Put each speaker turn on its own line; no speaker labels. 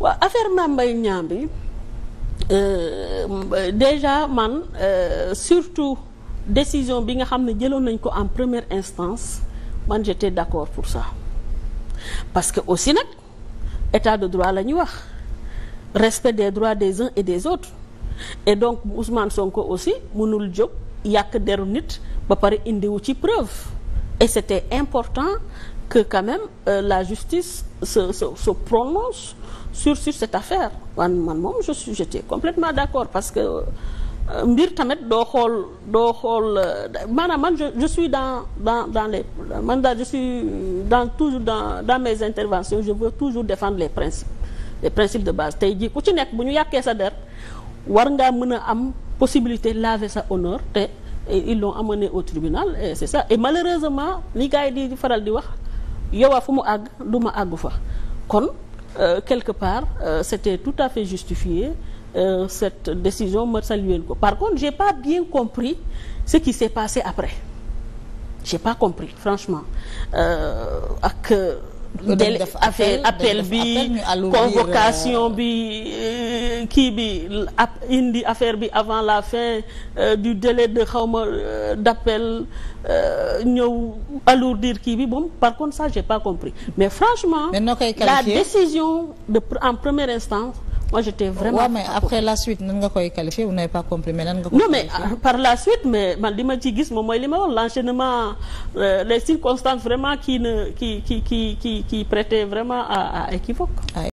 waaw affaire Mame Mbaye Niang bi euh, déjà man euh, surtout décision bi nga xam ne jëloon nañ ko en première instance man j'étais d'accord pour ça parce que aussi nag état de droit la ñuy wax respect des droits des uns et des autres et donc Ousmane Sonko aussi mënul jóg yàq deru nit ba pare indiwu ci preuve et c'était important que quand même euh, la justice se se se prononce sur sur cette affaire man man moom je suis j'étais complètement d'accord parce que euh, mbir tamit doo xool doo xool euh, maanaam man je suis dans dans dans les man daal je suis dans toujours dans dans mes interventions je veux toujours défendre les principes les principes de base tey jii ku ci nekk bu ñu yàkkee sa der war ngaa mën a am possibilité laver sa honneur te ils l'ont amené au tribunal et c'est ça et malheureusement li gars di faral di wax yow a fu mu àgg du ma àggu fa kon euh, quelque part euh, c'était tout à fait justifié euh, cette décision ma saluer ko par contre j'ai pas bien compris ce qui s'est passé après j'ai pas compris franchement ak délai affaire bi convocation bi kii bi indi affaire bi avant la fin du délai de xawma d'appel euh, ñëw alourdir kii bi moom par contre ça j'ai pas compris mais franchement mais la décision de en première instance moi j'étais vraiment waaw ouais, mais après la suite nan nga koy qualifier vous n'avez pas compris mais nan nga koy non mais euh, par la suite mais man li ma ci gis moom mooy li ma wax l'enchaînement euh, les circonstances vraiment qui ne qui qui qui qui qui prêtaient vraiment à à équivoque ah,